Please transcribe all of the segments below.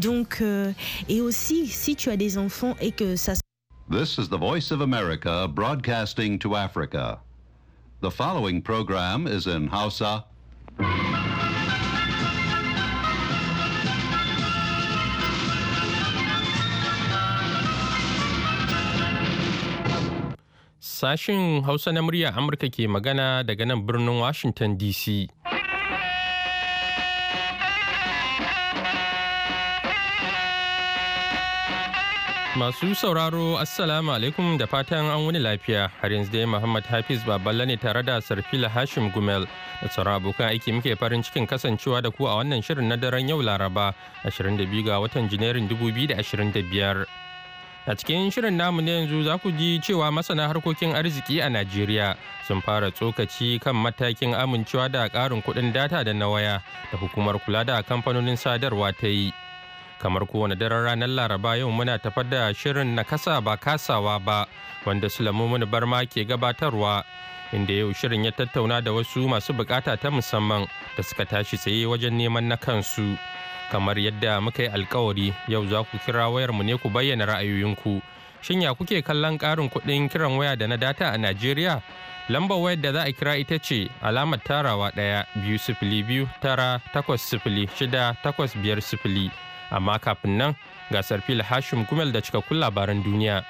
Donc, euh, et aussi, si tu as des enfants et que ça... This is the voice of America broadcasting to Africa. The following program is in Hausa. Sashin Hausa na murya Amurka ke magana daga nan Washington DC. Masu sauraro Assalamu alaikum da fatan an wani lafiya har yanzu dai Muhammad Hafiz Baballa ne tare da Sarfila Hashim Gumel da sauran abokan aiki muke farin cikin kasancewa da ku a wannan shirin na daren yau Laraba 22 ga watan Janairun 2025. A cikin shirin namu na yanzu za ku ji cewa masana harkokin arziki a Najeriya sun fara tsokaci kan matakin amincewa da ƙarin kuɗin data da na waya da hukumar kula da kamfanonin sadarwa ta yi. kamar kowane daren ranar laraba yau muna tafar da shirin na kasa ba kasawa ba wanda sulamumin barma ke gabatarwa inda yau shirin ya tattauna da wasu masu bukata ta musamman da suka tashi tsaye wajen neman na kansu kamar yadda muka yi alkawari yau za ku kira wayar mu ne ku bayyana ra'ayoyinku shin ya kuke kallon karin kuɗin kiran waya da na data a najeriya lamba wayar da za a kira ita ce alamar tarawa ɗaya biyu sifili biyu tara takwas sifili shida takwas biyar sifili amma kafin nan gasar fil hashim gumel da cikakkun labaran duniya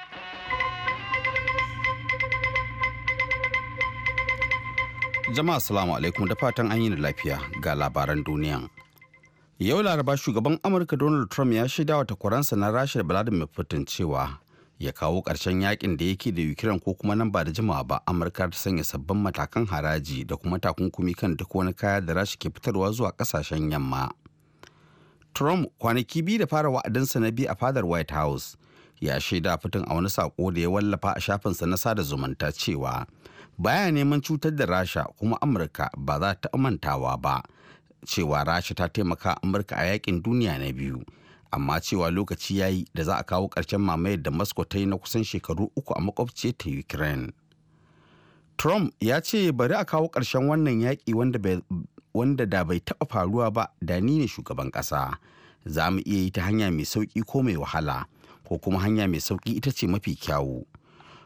jama'a salamu alaikum da fatan an yi da lafiya ga labaran duniya yau laraba shugaban amurka donald trump ya shaida wa takwaransa na rashid vladimir putin cewa ya kawo ƙarshen yakin da yake da ukraine ko kuma nan ba da jimawa ba amurka ta sanya sabbin matakan haraji da kuma takunkumi kan duk wani kaya da rasha ke fitarwa zuwa ƙasashen yamma Trump kwanaki biyu da fara wa'adinsa na biyu a fadar White House ya shaida fitin a wani sako da ya wallafa a shafinsa na sada zumunta cewa baya neman cutar da Rasha kuma Amurka ba za ta amantawa ba cewa Rasha ta taimaka Amurka a yakin duniya na biyu amma cewa lokaci yayi da za a kawo ƙarshen mamayar da Moscow ta yi na kusan shekaru uku a makwabciyar ta Ukraine. Trump ya ce bari a kawo ƙarshen wannan yaƙi wanda wanda da bai taɓa faruwa ba da ni ne shugaban ƙasa za mu iya yi ta hanya mai sauƙi ko mai wahala ko kuma hanya mai sauƙi ita ce mafi kyawu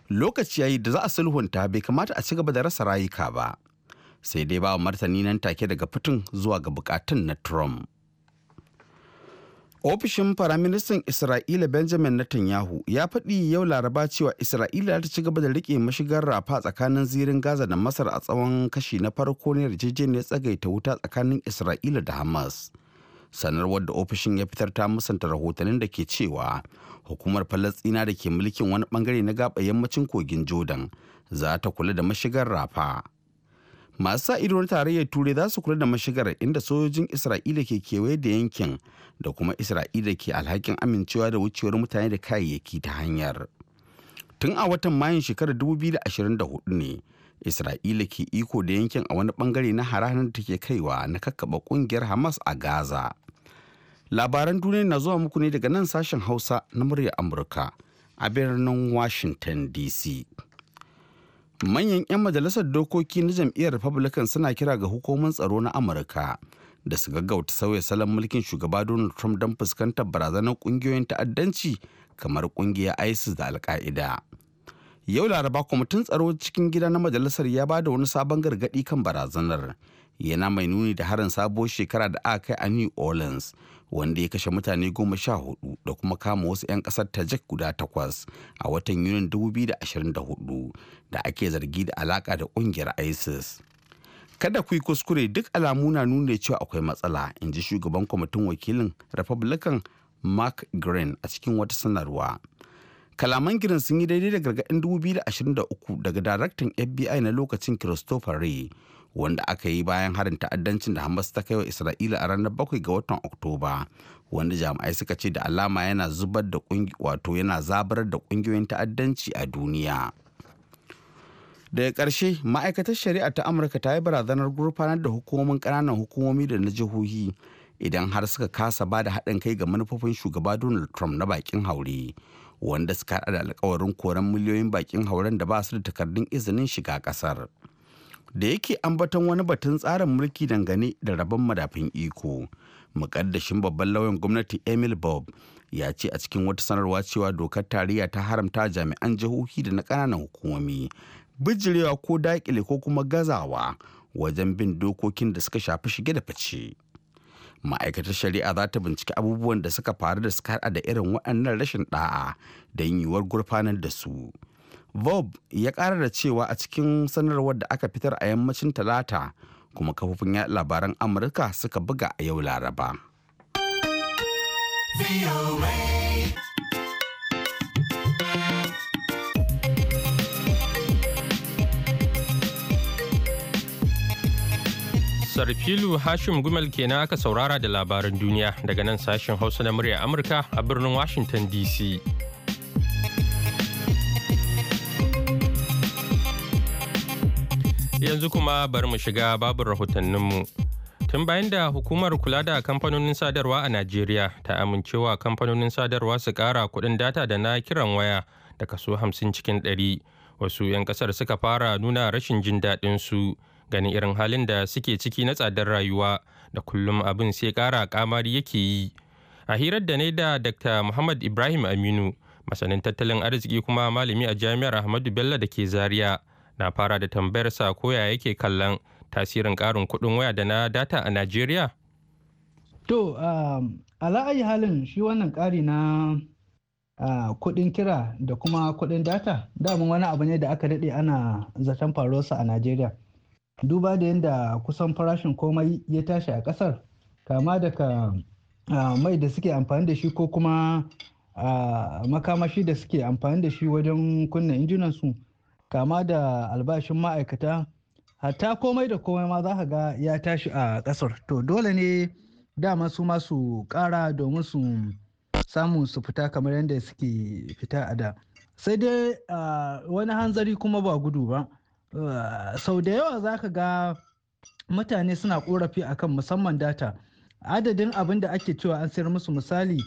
lokaci yayi da za a sulhunta bai kamata a ci gaba da rasa rayuka ba sai dai ba martani nan take daga fitin zuwa ga bukatun na trump Ofishin Firaministan Isra'ila Benjamin Netanyahu ya faɗi yau Laraba cewa Isra'ila ta ci gaba da riƙe mashigar rafa tsakanin zirin Gaza da Masar a tsawon kashi na farko ne yarjejeniyar tsagaita wuta tsakanin Isra'ila da Hamas. Sanarwar da ofishin ya fitar ta musanta rahotannin da ke cewa hukumar Falasɗina da ke mulkin wani bangare na gaba yammacin kogin Jordan za ta kula da mashigar rafa. masu sa ido na tarayyar turai za su kula da mashigar inda sojojin isra'ila ke kewaye da yankin da kuma isra'ila ke alhakin amincewa da wucewar mutane da kayayyaki ta hanyar tun a watan mayun shekarar 2024 ne isra'ila ke iko da yankin a wani bangare na haranar da take kaiwa na kakkaba kungiyar hamas a gaza labaran duniya na zuwa muku ne daga nan sashen hausa na murya amurka a birnin washington dc manyan 'yan majalisar dokoki na jam'iyyar republican suna kira ga hukumomin tsaro na amurka da su gaggauta sauya salon mulkin shugaba donald trump don fuskantar barazanar kungiyoyin ta'addanci kamar kungiyar isis da alka'ida yau laraba kwamitin tsaro cikin gida na majalisar ya ba da wani sabon gargadi kan barazanar yana mai nuni da harin sabuwar shekara da aka kai a new orleans wanda ya kashe mutane goma sha hudu da kuma kama wasu 'yan kasar tajik guda takwas a watan yunin 2024 da ake zargi da alaka da kungiyar isis kada ku yi kuskure duk alamu na nuna cewa akwai matsala in ji shugaban kwamitin wakilin republican mark green a cikin wata sanarwa kalaman girin sun yi daidai da gargaɗin 2023 daga daraktan fbi na lokacin christopher ray wanda aka yi bayan harin ta'addancin da Hamas ta kai wa Isra'ila a ranar 7 ga watan Oktoba wanda jami'ai suka ce da alama yana zubar da wato yana zabar da kungiyoyin ta'addanci a duniya. daga karshe ma'aikatar shari'a ta amurka ta yi barazanar gurfanar da hukumomin ƙananan hukumomi da na jihohi idan har suka kasa ba da haɗin kai ga manufofin shugaba donald trump na bakin haure wanda suka haɗa da alkawarin koren miliyoyin bakin hauren da ba su da takardun izinin shiga ƙasar. da yake ambaton wani batun tsarin mulki dangane da rabon madafin iko mukaddashin babban lauyan gwamnati emil bob ya ce a cikin wata sanarwa cewa dokar tarayya ta haramta jami'an jihohi da na ƙananan hukumomi bijirewa ko daƙile ko kuma gazawa wajen bin dokokin da suka shafi shige da fice ma'aikatar shari'a za ta binciki abubuwan da suka faru da suka da irin waɗannan rashin ɗa'a da yiwuwar gurfanar da su Bob ya ƙara da cewa a cikin sanarwar da aka fitar a yammacin talata kuma kafofin labaran Amurka suka buga a yau Laraba. Sarfilu Hashim Gumel kenan aka saurara da labaran duniya daga nan sashen Hausa na murya Amurka a birnin Washington DC. yanzu kuma bari mu shiga babin rahotanninmu. Tun bayan da hukumar kula da kamfanonin sadarwa a Najeriya ta amincewa kamfanonin sadarwa su kara kuɗin data da na kiran waya da kaso 50 cikin 100 wasu 'yan kasar suka fara nuna rashin jin daɗin su ganin irin halin da suke ciki na tsadar rayuwa da kullum abin sai kara kamari yake yi. A hirar da ne da Dr. Muhammad Ibrahim Aminu, masanin tattalin arziki kuma malami a Jami'ar Ahmadu Bello da ke Zaria. na fara da tambayar sa koya yake kallon tasirin karin kudin waya da na data a najeriya to um, la'ayi halin shi wannan kari na kudin kira da kuma kudin data daman wani abu ne da aka daɗe ana zaton faruwarsa a najeriya duba da yadda kusan farashin komai ya tashi a ƙasar kama daga mai da suke amfani da shi ko kuma makamashi da suke amfani da shi wajen kunna injinansu kama da albashin ma'aikata hatta komai da komai ma za ka ga ya tashi a kasar to dole ne dama su masu kara domin su samu su fita kamar yadda suke fita a da sai dai wani hanzari kuma ba gudu ba sau da yawa za ka ga mutane suna korafi akan musamman data adadin abin da ake cewa an sayar musu misali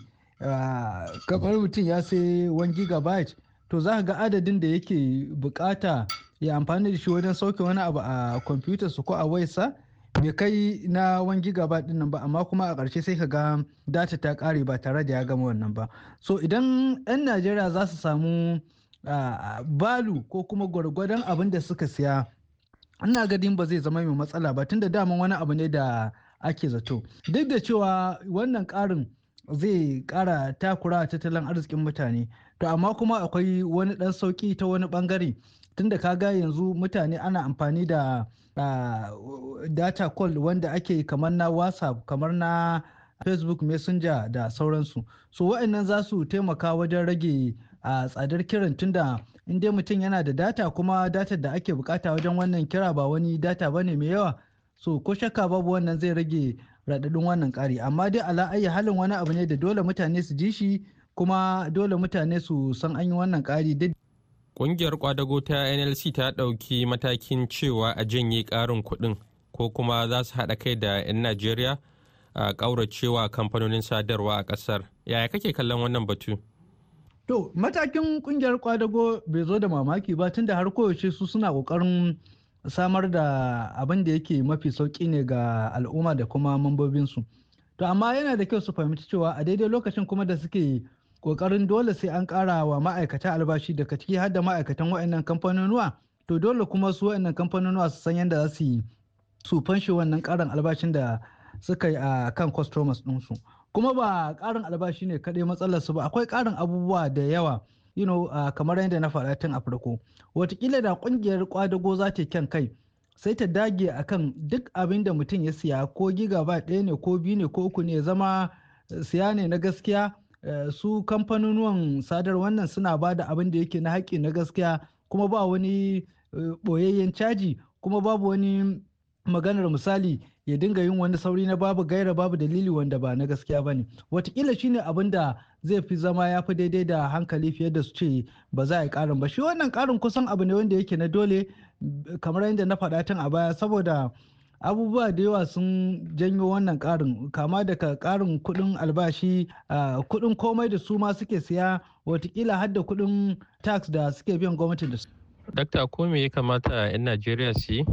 kamar mutum ya sai 1 gigabyte to za ga adadin da yake bukata ya amfani da shi wajen sauke wani abu a kwamfutar su ko a waisa bai kai na wan gigaba dinnan ba amma kuma a ƙarshe sai ka ga data ta ƙare ba tare da ya gama wannan ba so idan 'yan najeriya za su samu balu ko kuma gwargwadon abin da suka siya ina gadin ba zai zama mai matsala ba tunda daman wani abu ne da ake zato duk da cewa wannan ƙarin zai kara takura tattalin arzikin mutane to amma kuma akwai wani dan sauki ta wani bangare tunda ka kaga yanzu mutane ana amfani da data call wanda ake kamar na whatsapp kamar na facebook messenger da sauransu so wa'annan za su taimaka wajen rage a tsadar kiran tunda inda mutum yana da data kuma data da ake bukata wajen wannan kira ba wani data bane mai yawa so ko shakka babu wannan zai rage raɗaɗin wannan kari amma dai ala ayi halin wani abu ne da dole mutane su ji shi kuma dole mutane su san an yi wannan kari. Ƙungiyar kwadago ta NLC ta ɗauki matakin cewa a janye ƙarin kuɗin ko kuma za su haɗa kai da 'yan Najeriya a ƙauracewa kamfanonin sadarwa a ƙasar. Yaya kake kallon wannan batu? To, matakin ƙungiyar kwadago bai zo da mamaki ba tunda har koyaushe su suna ƙoƙarin samar da abin da yake mafi sauki ne ga al'umma da kuma mambobinsu to amma yana da kyau su fahimci cewa a daidai lokacin kuma da suke kokarin dole sai an kara wa ma'aikata albashi daga ciki har da ma'aikatan wa'annan kamfanonuwa to dole kuma su wa'annan kamfanonuwa su san yadda za su yi su fanshi wannan karin albashin da suka yi a kan customers ɗinsu kuma ba ƙarin albashi ne kaɗai matsalarsu ba akwai karin abubuwa da yawa you know uh, kamar yadda na faɗa tun a farko watakila da ƙungiyar kwadago za ta kyan kai sai ta dage a kan duk abin da mutum ya siya ko ba ɗaya ne ko biyu ne ko uku ne zama eh, siya ne na gaskiya eh, su kamfanonuwan sadar suna ba da abin da yake na haƙƙi na gaskiya kuma ba wani eh, ɓoyayyen caji kuma babu wani maganar misali ya dinga yin wani sauri na babu gaira babu dalili wanda ba na gaskiya ba ne watakila shine abin da zai fi zama ya fi daidai da hankali fiye da su ce ba za a yi karin ba shi wannan karin kusan abu ne wanda yake na dole kamar yadda na faɗa tun a baya saboda abubuwa da yawa sun janyo wannan karin kama daga karin kuɗin albashi kuɗin komai da su ma suke siya watakila har da kuɗin tax da suke biyan gwamnati da su. Dakta ko me ya kamata 'yan Najeriya su yi?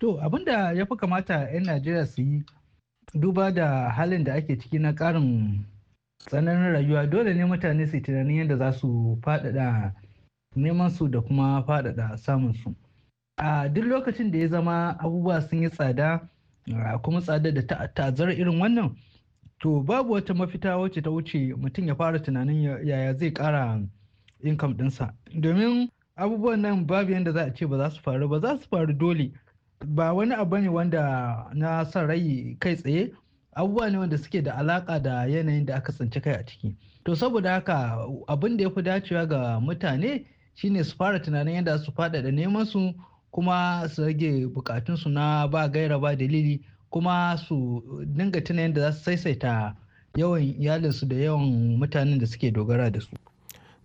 To abin da ya fi kamata 'yan Najeriya su yi duba da halin da ake ciki na ƙarin tsananin rayuwa dole ne mutane su tunanin yadda za su faɗaɗa neman su da kuma faɗaɗa samun su. A duk lokacin da ya zama abubuwa sun yi tsada kuma tsada da ta'azzara irin wannan to babu wata mafita wacce ta wuce mutum ya fara tunanin yaya zai ƙara income ɗinsa. Domin abubuwan nan babu yadda za a ce ba za su faru ba za su faru dole. ba wani abu ne wanda na son rai kai tsaye abubuwa ne wanda suke da alaka da yanayin da aka tsinci kai a ciki to saboda haka abin da ya fi dacewa ga mutane shine su fara tunanin yadda su faɗaɗa neman su kuma su rage bukatunsu na ba gaira ba dalili kuma su dinga tuna yadda za su saisaita yawan iyalinsu da yawan mutanen da suke dogara da su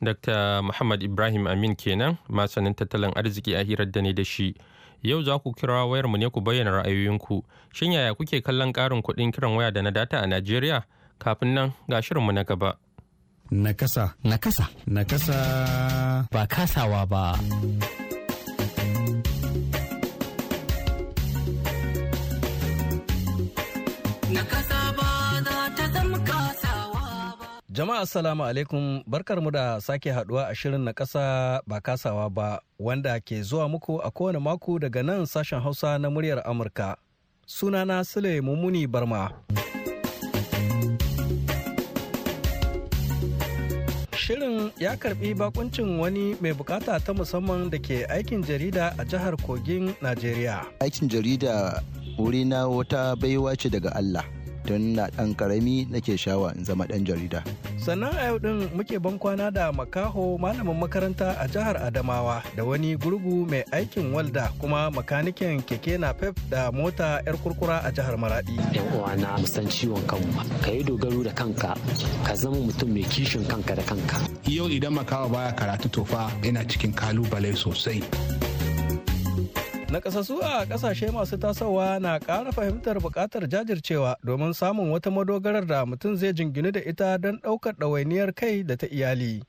Dr. Muhammad Ibrahim Amin kenan masanin tattalin arziki a hirar da ne da shi Yau za ku kira mu ne ku bayyana ra'ayoyinku. Shin yaya kuke kallon ƙarin kuɗin kiran waya da na data a Najeriya? Kafin nan ga shirinmu na gaba. Nakasa. Nakasa. Nakasa. Ba kasawa ba. Nakasa. Jama'a salamu alaikum barkarmu da sake haduwa a shirin na kasa ba kasawa ba wanda ke zuwa muku a kowane mako daga nan sashen Hausa na muryar Amurka. Sunana Sule Mummuni Barma. Shirin ya karbi bakuncin wani mai bukata ta musamman da ke aikin jarida a jihar Kogin, Najeriya. Aikin jarida wurina wata baiwa ce daga Allah. tun na ɗan ƙarami nake shawa in zama ɗan jarida. Sannan a yau ɗin muke ban kwana da makaho malamin makaranta a jihar Adamawa da wani gurgu mai aikin walda kuma makanikin keke na pep da mota 'yar kurkura a jihar Maradi. Yan uwana musan ciwon kanmu ka yi dogaro da kanka, ka zama mutum mai kishin kanka da kanka. Yau idan makaho baya karatu tofa yana cikin kalubale sosai. na su a ƙasashe masu tasowa na ƙara fahimtar buƙatar jajircewa domin samun wata madogarar da mutum zai jingini da ita don ɗaukar ɗawainiyar kai da ta iyali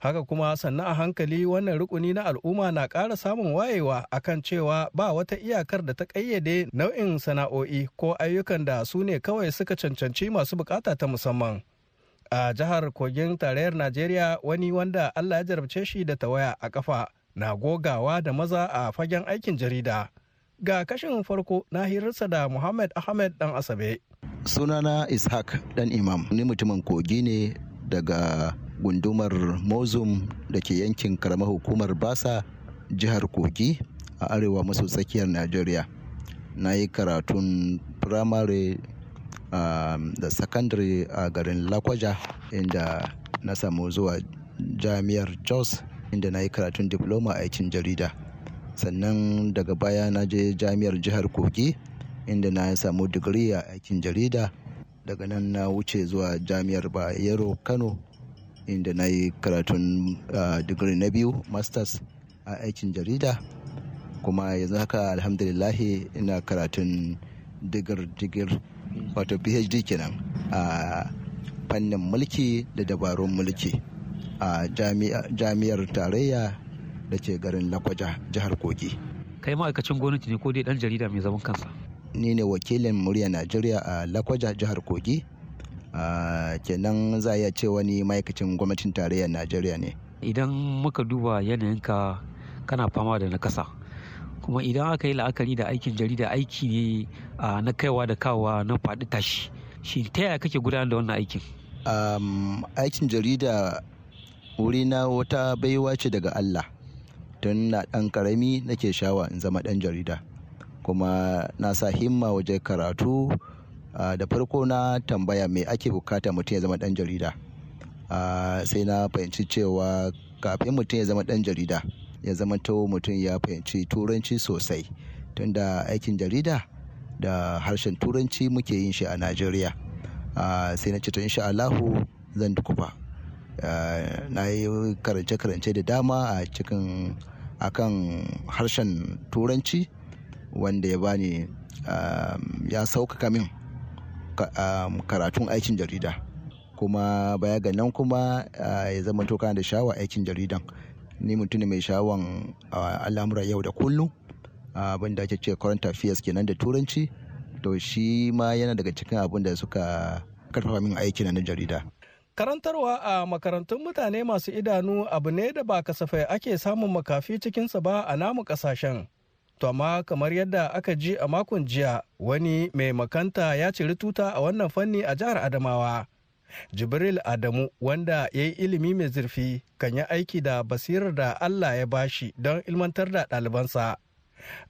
haka kuma sannan a hankali wannan rukuni na al'umma na ƙara samun wayewa akan cewa ba wata iyakar da ta ƙayyade nau'in sana'o'i ko ayyukan da su ne kawai suka cancanci masu bukata ta musamman a jihar kogin tarayyar najeriya wani wanda allah ya jarabce shi da tawaya a kafa na gogawa da maza a fagen aikin jarida ga kashin farko na hirarsa da muhammad ahmed dan asabe sunana ishaq dan imam ni mutumin kogi ne daga gundumar mozum da ke yankin karamar hukumar basa jihar kogi a arewa maso tsakiyar najeriya na yi karatun firamare um, da secondary a garin lakwaja inda na samu zuwa jami'ar jos inda na yi karatun diploma a aikin jarida. Sannan daga baya na je jami'ar jihar Kogi inda na samu digiri a aikin jarida. Daga nan na wuce zuwa jami'ar Bayero Kano inda na yi karatun, digiri na biyu masters a aikin jarida. Kuma yanzu haka alhamdulillahi ina karatun digir-digir wato PhD kenan a fannin mulki da dabarun mulki. a jami'ar tarayya da ke garin lakwaja jihar kogi kai ma'aikacin gwamnati ne ko dai dan jarida mai zaman kansa ni ne wakilin murya najeriya a lakwaja jihar kogi kenan za a iya wani wani ma'aikacin gwamnatin tarayyar najeriya ne idan muka duba ka, kana fama da nakasa kuma idan aka yi la'akari da aikin jarida aiki ne na kaiwa da kawa na faɗi tashi shi ta yaya kake gudanar da wannan aikin aikin jarida wurina wata baiwa ce daga Allah tun na ɗan ƙarami nake shawa in zama ɗan jarida kuma na sa himma waje karatu da farko na tambaya mai ake bukata mutum ya zama ɗan jarida sai na fahimci cewa kafin mutum ya zama ɗan jarida ya zama to mutum ya fahimci turanci sosai tunda aikin jarida da harshen turanci muke yin shi a najeriya sai na ce to insha Allahu zan dukufa Eh, na yi karance-karance da dama a cikin akan harshen turanci wanda ya bani um, ya sauƙaƙa min um, karatun aikin jarida kuma baya ga nan kuma eh, ya zama to kana da shawa aikin jaridan ni mutum mai sha'awan eh, al'amura yau da kullum ah, abin da ake ce current affairs kenan da turanci to shi ma yana daga cikin abin da suka karfafa min aiki na jarida Karantarwa a makarantun mutane masu idanu abu ne da ba kasafai ake samun makafi cikinsa ba a namu kasashen. To amma kamar yadda aka ji a makon jiya wani mai makanta ya ciri tuta a wannan fanni a jihar Adamawa. Jibril Adamu wanda ya yi ilimi mai zurfi kan yi aiki da basirar da Allah ya bashi don ilmantar da ɗalibansa.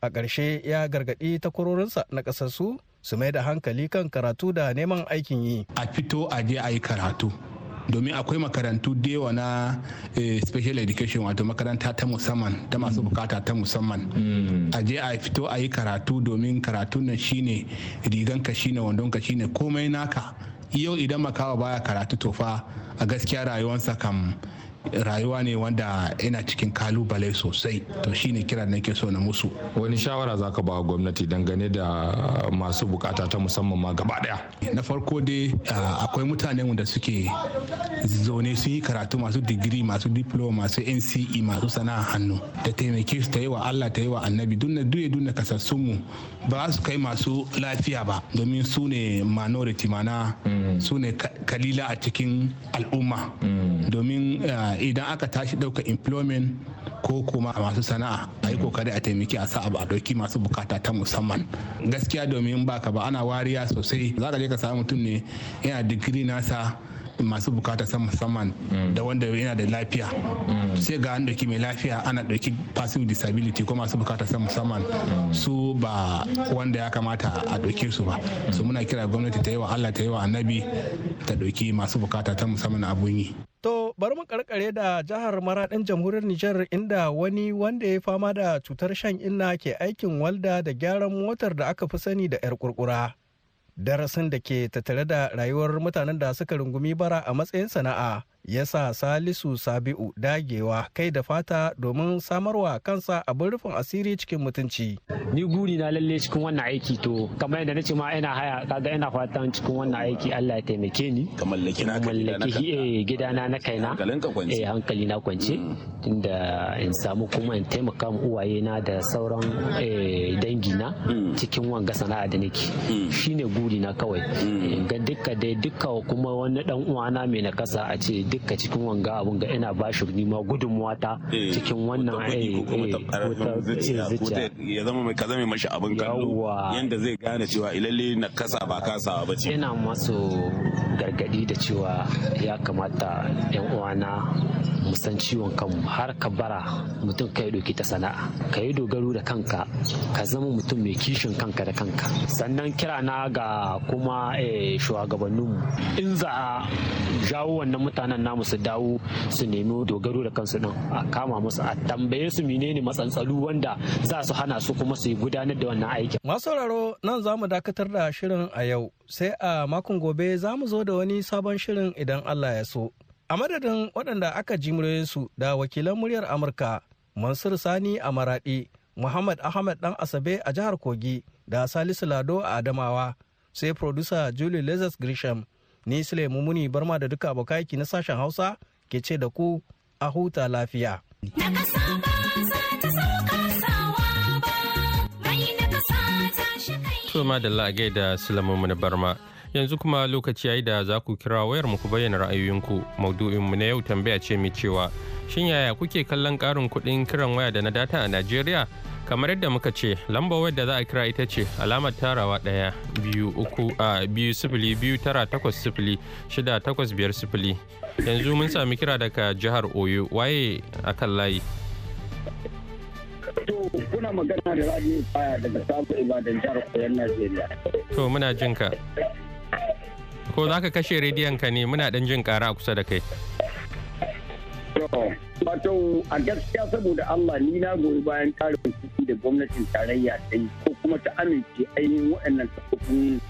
A ƙarshe ya gargaɗi takwarorinsa na ƙasassu su mai da hankali kan karatu da neman aikin yi. A fito a je a yi karatu. domin akwai makarantu da yawa na eh, special education wato makaranta ta musamman ta masu mm. bukata ta musamman mm. a je a fito a yi karatu domin karatu nan shine rigan ka shine wandon ka shine komai naka yau idan makawa baya karatu tofa a gaskiya rayuwarsa kam rayuwa ne wanda yana cikin kalubale sosai to shine kira da nake so na musu wani shawara zaka ba gwamnati dangane da masu bukata ta musamman ma gaba daya na farko dai ah, akwai mutane wanda suke zaune sun yi karatu masu digiri masu diploma masu nce masu sana'a hannu da taimake su ta yi wa allah ta yi wa annabi dunna duye dunna kasassun mu ba su kai masu lafiya ba domin su ne minority mana mm. su ne kalila a cikin al'umma mm. domin ah, idan aka tashi ɗauka employment ko kuma masu sana'a a yi kokari a taimaki a sa abu a doki masu bukata ta musamman gaskiya domin baka ba ana wariya sosai za ka je ka samu mutum ne yana digiri nasa masu bukata ta musamman mm. da wanda yana da lafiya mm. sai ga an doki mai lafiya ana doki passive disability ko masu bukata ta musamman mm. su ba wanda ya kamata a ɗauke su ba su muna kira gwamnati ta yi wa allah ta yi wa annabi ta doki masu bukata ta musamman abun yi. to bari mu karkare da jihar maradin jamhuriyar Nijar inda wani wanda ya fama da cutar shan inna ke aikin walda da gyaran motar da aka fi sani da 'yar kurkura. Darasin da ke tattare da rayuwar mutanen da suka rungumi bara a matsayin sana'a ya sa salisu sabi'u dagewa kai da fata domin samarwa kansa abin rufin asiri cikin mutunci ni guri na lalle cikin wannan aiki to kamar yadda nace ma ina haya kaga ina fatan cikin wannan aiki Allah ya taimake ni ka mallaki na mallaki eh gidana na kaina eh hankali na kwance mm. tunda in samu kuma in taimaka mu uwaye na da sauran eh, dangi na mm. cikin wanga sana'a da nake mm. shine guri na kawai eh, ga dukka dai dukka kuma wani dan uwana mai kasa a ce dukka cikin wanga abun ga ina ba shi nima gudunmuwa ta eh, cikin wannan eh, eh, ya zama mai kaza mai mashi abin kallo yanda zai gane cewa ilalle na kasa ba kasa ba ce ina masu gargadi da cewa ya kamata yan uwana musanci san ciwon kanmu har ka bara mutum ka yi doki ta sana'a ka yi dogaro da kanka ka zama mutum mai kishin kanka da kanka sannan kira na ga kuma eh, shugabannin in za a jawo wannan mutanen namu su dawo su nemi dogaro da kansu din a kama musu a tambaye su menene matsantsalu wanda za su hana su kuma su gudanar da wannan aikin masu sauraro nan za mu dakatar da shirin a yau sai a makon gobe za mu zo da wani sabon shirin idan Allah ya so a madadin waɗanda aka ji su da wakilan muryar amurka mansur sani a maraɗi muhammad ahmad ɗan asabe a jihar kogi da salisu lado a adamawa sai producer julie lezers grisham ni sule mumuni barma da duka ki na sashen hausa ke ce da ku a huta lafiya. Tuma da la'agai gaida Sulaiman Barma. yanzu kuma lokaci ya yi da za ku kira wayar muku ku bayyana ra'ayoyinku maudu'inmu na yau tambaya ce mai cewa shin yaya kuke kallon karin kuɗin kiran waya da na data a najeriya kamar yadda muka ce lambar wayar da za a kira ita ce alamar tarawa ɗaya biyu uku a biyu sifili biyu tara takwas sifili shida takwas biyar sifili yanzu mun sami kira daga jihar oyo waye akan layi kuna magana da radio baya daga sabon ibadan jihar koyon najeriya to muna jinka Ko za ka kashe rediyon ka ne muna ɗan jin kara a kusa da kai. Wato a gaskiya saboda Allah ni na goyi bayan tarin kuɗi da gwamnatin tarayya ta yi ko kuma ta amince ainihin waɗannan kafofin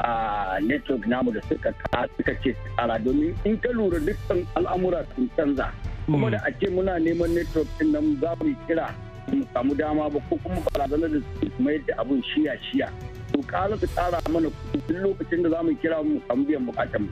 a network namu da suka suka ce tsara domin in ka lura dukkan al'amura sun canza. Kuma da a ce muna neman network din nan za mu kira mu samu dama ba ko kuma barazanar da su mai da abun shiya shiya. mu kawo su tsara mana kudin lokacin da za mu kira mu samu biyan bukatan mu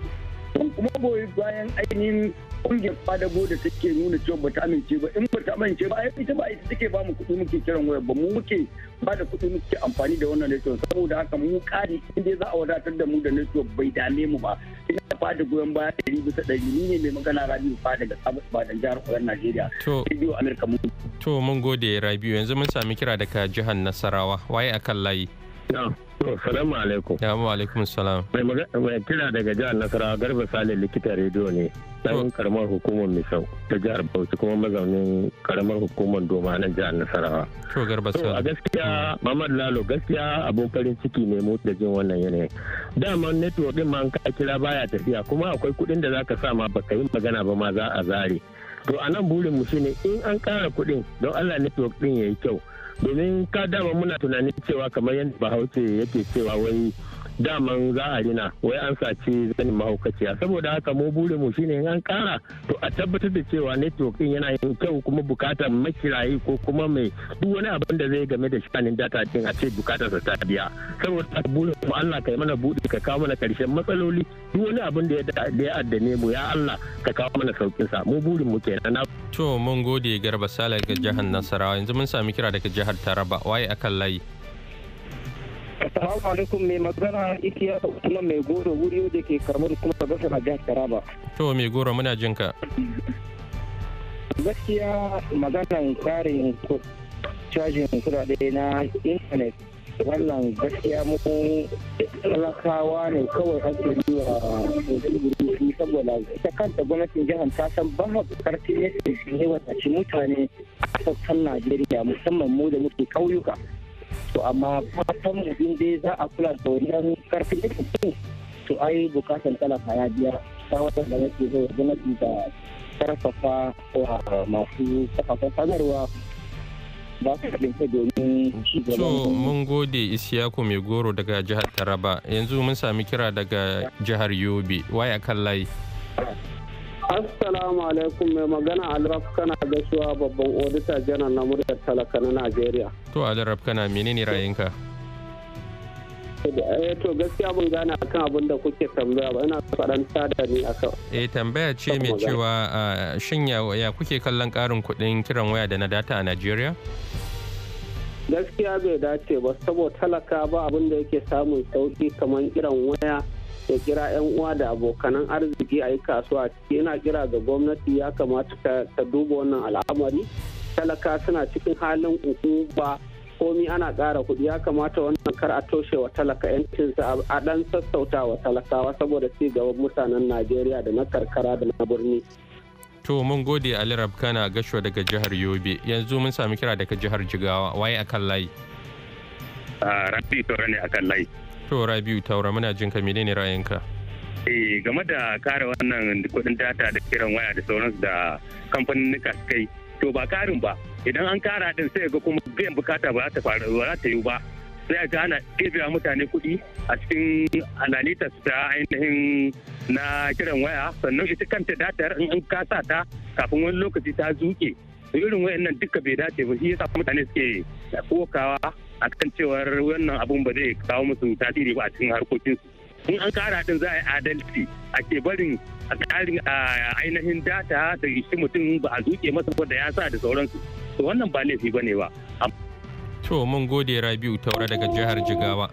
don kuma goyi bayan ainihin kungiyar fadago da take nuna cewa ta amince ba in ba ta amince ba ai ita ba ita take ba mu kuɗi muke kiran waya ba mu muke ba da kuɗi muke amfani da wannan network saboda haka mu kari inda za a wadatar da mu da network bai dame mu ba ina fada goyon baya ɗari bisa ɗari ni ne mai magana Rabiu fada ga ba da jihar Najeriya Radio America to mun gode Rabiu yanzu mun sami kira daga jihar Nasarawa waye akan layi Salamu alaikum. Ya mu alaikum salam. Mai kira daga jihar Nasarawa Garba Sale likita rediyo ne. Dan karamar hukumar Misau ta jihar Bauchi kuma mazaunin karamar hukumar Doma na jihar Nasarawa. To Garba Sale. a gaskiya Muhammad hmm. Lalo gaskiya abun farin ciki ne mu da jin wannan yanayin. Daman network din ma ka kira baya tafiya kuma akwai kuɗin da zaka sa ma baka yi magana ba ma za a zare. To a nan burin mu shine in an kara kuɗin don Allah network din yayi kyau. domin ka dama muna tunanin cewa kamar yadda bahaushe yake cewa wai daman za a rina wai an sace zanin mahaukaciya saboda haka mu burin mu shine in an kara to a tabbatar da cewa network din yana yin kyau kuma bukatar makirayi ko kuma mai duk wani abin da zai game da shanin data din a ce bukatar sa ta biya saboda bure mu Allah kai mana bude ka kawo mana karshen matsaloli duk wani abin da ya addane mu ya Allah ka kawo mana saukin sa mu burin mu kenan to mun gode garba sala ga jihar Nasarawa yanzu mun sami kira daga jihar Taraba waye akan layi Assalamu alaikum mai magana ikiya Usman mai goro wuri da ke karamar kuma gasar a jihar Taraba. To mai goro muna jin ka. Gaskiya maganan tsarin cajin kudade na intanet wannan gaskiya mu talakawa ne kawai ake yi wa saboda ita kanta gwamnatin jihar ta san ba ma karfi ne su yi mutane a sassan najeriya musamman mu da muke ƙauyuka to amma fatan mu dai za a kula da wannan karfin da mutum to ai bukatan talaka ya biya ta wata da nake zai gwamnati da karfafa wa masu kafafen sanarwa ba su domin mun gode isiyaku mai goro daga jihar taraba yanzu mun sami kira daga jihar yobe waya kan layi Assalamu alaikum mai magana Alraf kana gaisuwa babban odita janar na muryar talaka na Najeriya. To Alraf kana menene ra'ayinka? Eh to gaskiya ban gane akan abin da kuke tambaya ba ina faɗan da ni akan. Eh tambaya ce mai cewa ah, shin ya kuke kallon ƙarin kuɗin kiran waya da na data a Najeriya? Gaskiya bai dace ba saboda talaka ba abin da yake samun sauki kamar kiran waya ya kira 'yan uwa da abokanan arziki a yi kasuwa ciki yana kira ga gwamnati ya kamata ta duba wannan al'amari talaka suna cikin halin ba komi ana kara kuɗi ya kamata wannan kar a toshe wa talaka 'yancinsa a ɗan sassauta wa talakawa saboda ci gaban mutanen najeriya da na karkara da na birni to mun gode ali rabkana gashwa daga jihar yobe yanzu mun sami kira daga jihar jigawa waye akan layi ah, rabi tore ne akan layi To Rabiu Taura muna jin ka menene ra'ayinka? Eh game da kare wannan kudin data da kiran waya da sauransu da kamfanin suka yi to ba karin ba idan an kara din sai ga kuma biyan bukata ba za ta faru ba za ta yi ba sai ga ana ɗebewa mutane kuɗi a cikin analytics ta ainihin na kiran waya sannan ita kanta datar in an kasa ta kafin wani lokaci ta zuke irin wayannan duka bai dace ba shi yasa mutane suke kokawa akan cewar wannan abun ba zai kawo musu tasiri ba a cikin harkokinsu in an kara din za a yi adalci a ke barin a karin ainihin data da shi mutum ba a zuke masa da ya sa da sauransu to wannan ba laifi ba ne ba to mun gode rabiu taura daga jihar jigawa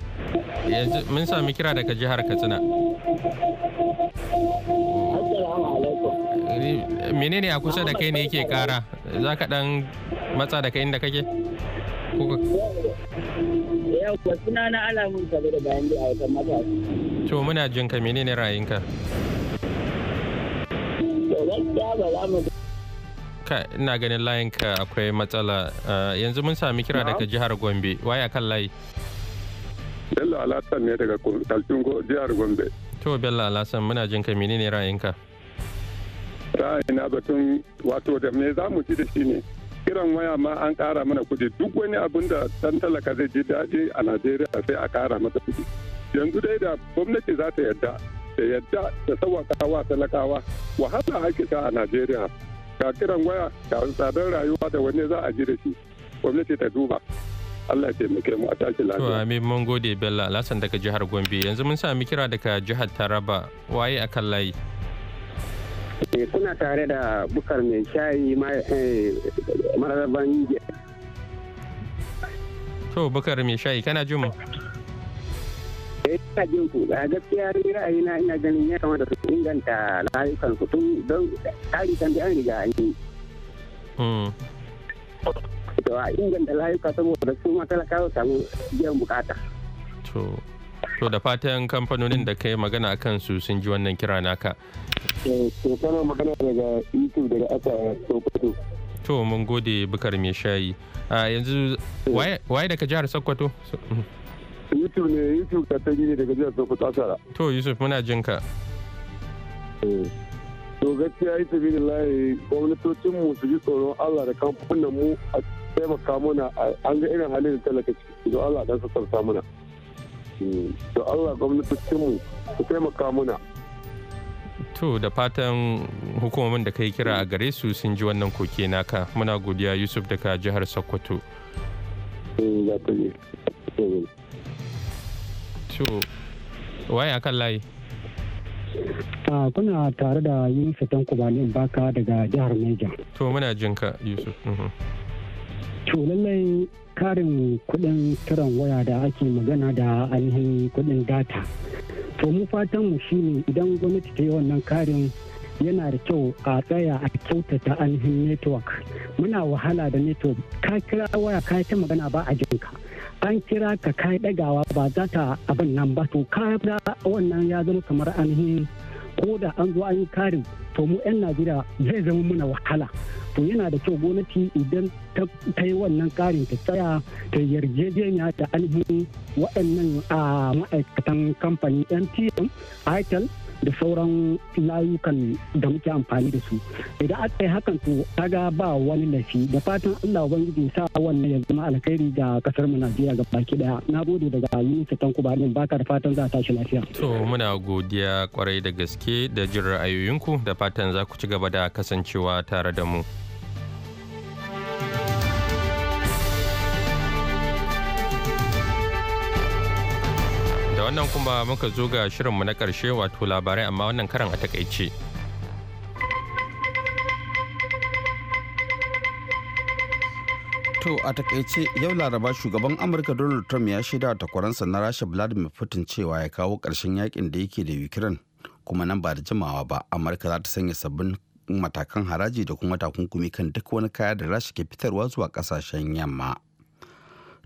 yanzu mun sami kira daga jihar katsina menene a kusa da kai ne yake kara za ka dan matsa daga inda kake yau suna na alamun sabu da bayan da a wata to muna jin ka menene rayinka? ka ina ganin layin ka akwai matsala eh, yanzu mun sami kira daga jihar gombe waya kan layi bello alasan ne daga kalcin jihar gombe to bello alasan muna jin ka menene ra'ayinka ina batun wato da me za mu ji da shi ne kiran waya ma an kara mana kudi duk wani abin da dan talaka zai ji daɗi a najeriya sai a kara mata kuɗi yanzu dai da gwamnati za ta yadda ta yadda da sawakawa talakawa wahala ake ta a najeriya ga kiran waya ga tsadar rayuwa da wani za a ji da shi gwamnati ta duba Allah ya taimake mu a tashi lafiya. To amin mun gode Bello Alhassan daga jihar Gombe yanzu mun sami kira daga jihar Taraba waye a kan layi. Eh, kuna tare da bukar mai shayi eh, mararraban to bukar mai shayi kana jin mu eh, jin ku a gaskiya ni ra'ayina ina ganin ya kamata su inganta layukan su tun don tsari kan an riga an yi hmm. to a inganta layuka saboda su kawo samu biyan bukata to to da fatan kamfanonin da kai magana kan su sun ji wannan kira naka to kana magana daga youtube daga asa sokoto to mun gode bukar mai shayi a yanzu waye daga jihar sokoto youtube ne youtube ka tangi ne daga jihar sokoto asara to yusuf muna jin ka to gaskiya yi tafi da layi gwamnatocin mu su ji tsoron allah da kamfanin mu a taimaka mana an ga irin halin da talaka ciki don allah dan sassarta mana to Allah gwamnatocinmu su taimaka muna to da fatan hukumomin da kai kira a gare su sun ji wannan koke naka muna godiya yusuf daga jihar sokoto eh, to waye a kan layi a ah, kuna tare da yusuf dan kubali baka daga jihar niger to muna jinka yusuf mhm. to lallai karin kudin kiran waya da ake magana da ainihin kudin data to mu fatan mu shine idan gwamnati ta yi wannan karin yana da kyau a tsaya a kyautata ainihin network muna wahala da network ka kira waya ka ta magana ba a jinka an kira ka kai dagawa ba za ta abin nan ba to ka wannan ya zama kamar ainihin ko da an zo an yi karin to mu 'yan najeriya zai zama muna wahala to yana da kyau gwamnati idan ta yi wannan karin ta tsaya ta yarjejeniya da ainihin waɗannan a ah, ma'aikatan kamfanin mtm itel da sauran layukan da muke amfani da su idan aka yi hakan to kaga ba wani lafi da fatan Allah ubangiji sa wannan ya zama alkhairi ga kasar mu Najeriya ga baki daya na gode daga Yunus Tanko din baka da fatan za ta shi lafiya to muna godiya kwarai da gaske da jin ra'ayoyinku da fatan za ku ci gaba da kasancewa tare da mu wannan kuma muka zo ga shirinmu na ƙarshe wato labarai amma wannan karan a takaice. To a takaice yau laraba shugaban Amurka Donald Trump ya shaida takwaransa na Rasha Vladimir Putin cewa ya kawo ƙarshen yakin da yake da Ukraine kuma nan ba da jimawa ba Amurka za ta sanya sabbin matakan haraji da kuma takunkumi kan duk wani kaya da Rasha ke fitarwa zuwa ƙasashen yamma.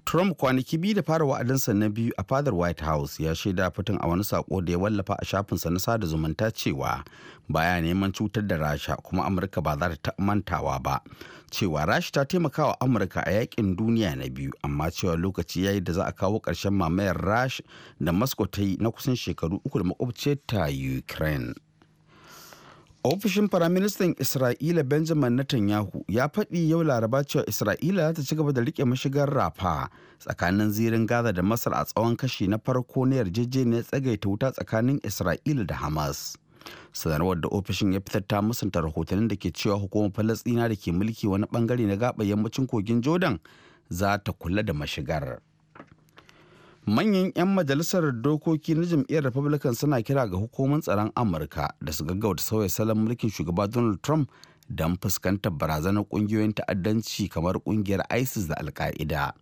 Trump kwanaki biyu da fara wa'adinsa na biyu a fadar White House ya shaida fitin a wani sako da ya wallafa a shafinsa na sada zumunta cewa baya neman cutar da Rasha kuma Amurka ba za ta mantawa ba. Cewa Rasha ta taimaka wa Amurka a yakin duniya na biyu amma cewa lokaci ya yi da za a kawo ƙarshen mamayar Rasha da Moscow ta yi na kusan shekaru uku da makwabciyar ta Ukraine. ofishin firaministan isra'ila benjamin netanyahu ya faɗi yau laraba cewa isra'ila ta ci gaba da riƙe mashigar rafa tsakanin zirin gaza da masar a tsawon kashi na farko na yarjejeniyar tsagaita wuta tsakanin isra'ila da hamas sanarwar da ofishin ya fitar ta musanta rahotannin da ke cewa hukumar falastina da ke mulki wani bangare na gaɓa yammacin kogin jordan za ta kula da mashigar manyan 'yan majalisar dokoki na jam'iyyar republican suna kira ga hukumar tsaron amurka da su gaggauta sauya salon mulkin shugaba donald trump don fuskantar barazanar kungiyoyin ta'addanci kamar kungiyar isis da alka'ida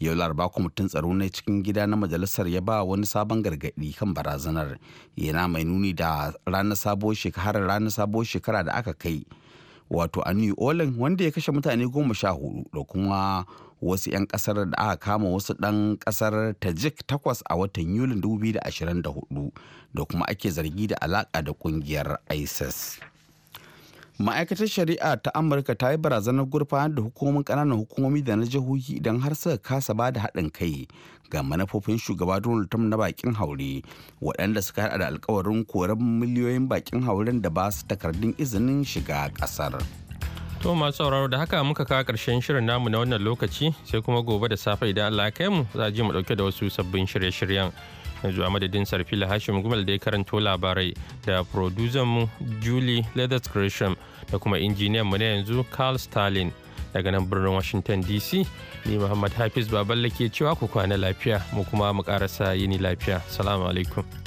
yau laraba kwamitin tsaro na cikin gida na majalisar ya ba wani sabon gargaɗi kan barazanar yana mai nuni da ranar ranar sabuwar shekara da aka kai wato a new orleans wanda ya kashe mutane goma sha hudu da kuma wasu 'yan kasar da aka kama wasu dan kasar tajik takwas a watan yulin 2024 da kuma ake zargi da alaka da kungiyar isis ma'aikatar shari'a ta amurka ta yi barazanar gurfanar da hukumomin ƙananan hukumomi da na jihohi idan har suka kasa ba da haɗin kai ga manufofin shugaba donald trump na bakin haure waɗanda suka hada da alkawarin koren miliyoyin bakin hauren da ba su takardun izinin shiga ƙasar. To masu sauraro da haka muka kawo ƙarshen shirin namu na wannan lokaci sai kuma gobe da safe idan Allah ya mu za a je mu ɗauke da wasu sabbin shirye-shiryen. Yanzu a madadin la Hashim Gumal da ya karanto labarai da producer mu Julie Leathers da kuma injiniyan mu na yanzu Carl Stalin. daga nan birnin washington dc ni muhammad hafiz baballe ke cewa ku kwana lafiya mu kuma mu karasa yini lafiya salamu alaikum